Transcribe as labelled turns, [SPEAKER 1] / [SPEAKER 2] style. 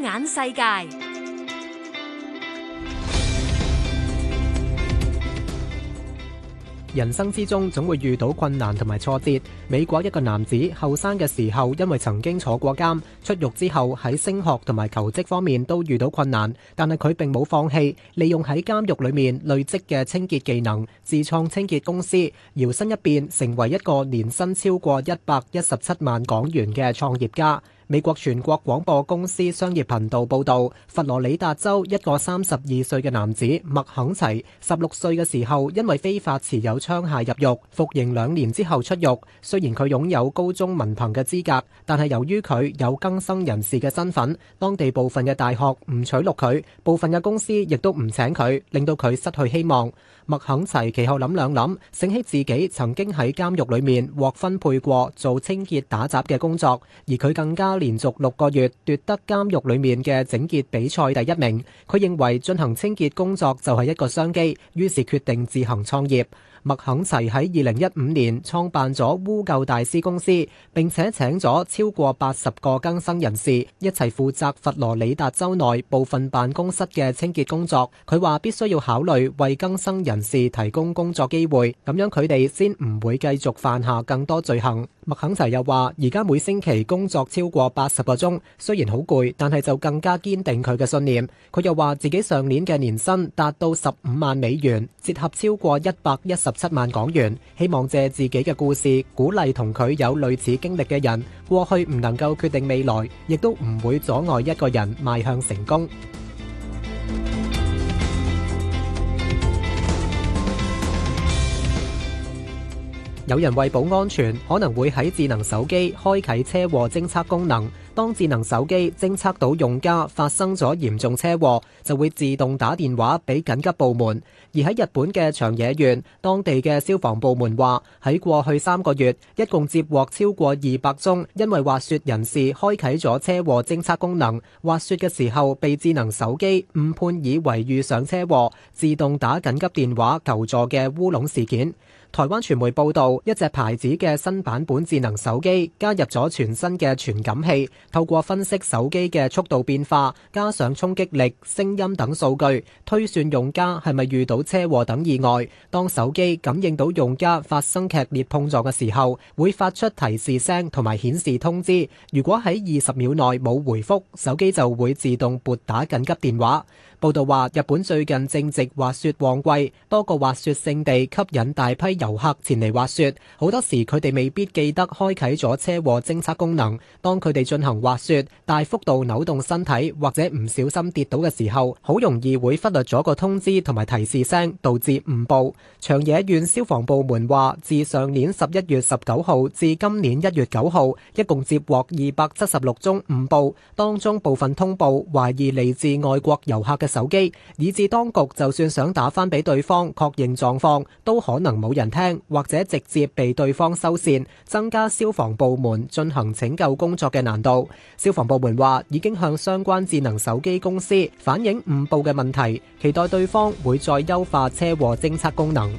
[SPEAKER 1] 眼世界。人生之中總會遇到困難同埋挫折。美國一個男子後生嘅時候，因為曾經坐過監，出獄之後喺升學同埋求職方面都遇到困難，但係佢並冇放棄，利用喺監獄裏面累積嘅清潔技能，自創清潔公司，搖身一變成為一個年薪超過一百一十七萬港元嘅創業家。美國全國廣播公司商業頻道報導，佛羅里達州一個三十二歲嘅男子麥肯齊，十六歲嘅時候因為非法持有槍械入獄，服刑兩年之後出獄。雖然佢擁有高中文憑嘅資格，但係由於佢有更生人士嘅身份，當地部分嘅大學唔取錄佢，部分嘅公司亦都唔請佢，令到佢失去希望。麥肯齊其後諗兩諗，醒起自己曾經喺監獄裏面獲分配過做清潔打雜嘅工作，而佢更加連續六個月奪得監獄裏面嘅整潔比賽第一名。佢認為進行清潔工作就係一個商機，於是決定自行創業。麥肯齊喺二零一五年創辦咗污垢大師公司，並且請咗超過八十個更生人士一齊負責佛羅里達州內部分辦公室嘅清潔工作。佢話必須要考慮為更生人士提供工作機會，咁樣佢哋先唔會繼續犯下更多罪行。麥肯齊又話，而家每星期工作超過八十個鐘，雖然好攰，但係就更加堅定佢嘅信念。佢又話自己上年嘅年薪達到十五萬美元，折合超過一百一十七萬港元。希望借自己嘅故事鼓勵同佢有類似經歷嘅人。過去唔能夠決定未來，亦都唔會阻礙一個人邁向成功。有人為保安全，可能會喺智能手機開啟車禍偵測功能。當智能手機偵測到用家發生咗嚴重車禍，就會自動打電話俾緊急部門。而喺日本嘅長野縣，當地嘅消防部門話，喺過去三個月，一共接獲超過二百宗因為滑雪人士開啟咗車禍偵測功能，滑雪嘅時候被智能手機誤判以為遇上車禍，自動打緊急電話求助嘅烏龍事件。台灣傳媒報道，一隻牌子嘅新版本智能手機加入咗全新嘅傳感器，透過分析手機嘅速度變化、加上衝擊力、聲音等數據，推算用家係咪遇到車禍等意外。當手機感應到用家發生劇烈碰撞嘅時候，會發出提示聲同埋顯示通知。如果喺二十秒內冇回覆，手機就會自動撥打緊急電話。報道話，日本最近正值滑雪旺季，多個滑雪勝地吸引大批遊客前嚟滑雪。好多時佢哋未必記得開啟咗車禍偵測功能。當佢哋進行滑雪，大幅度扭動身體或者唔小心跌倒嘅時候，好容易會忽略咗個通知同埋提示聲，導致誤報。長野縣消防部門話，自上年十一月十九號至今年一月九號，一共接獲二百七十六宗誤報，當中部分通報懷疑嚟自外國遊客嘅。手機，以致當局就算想打返畀對方確認狀況，都可能冇人聽，或者直接被對方收線，增加消防部門進行拯救工作嘅難度。消防部門話已經向相關智能手機公司反映誤報嘅問題，期待對方會再優化車禍偵測功能。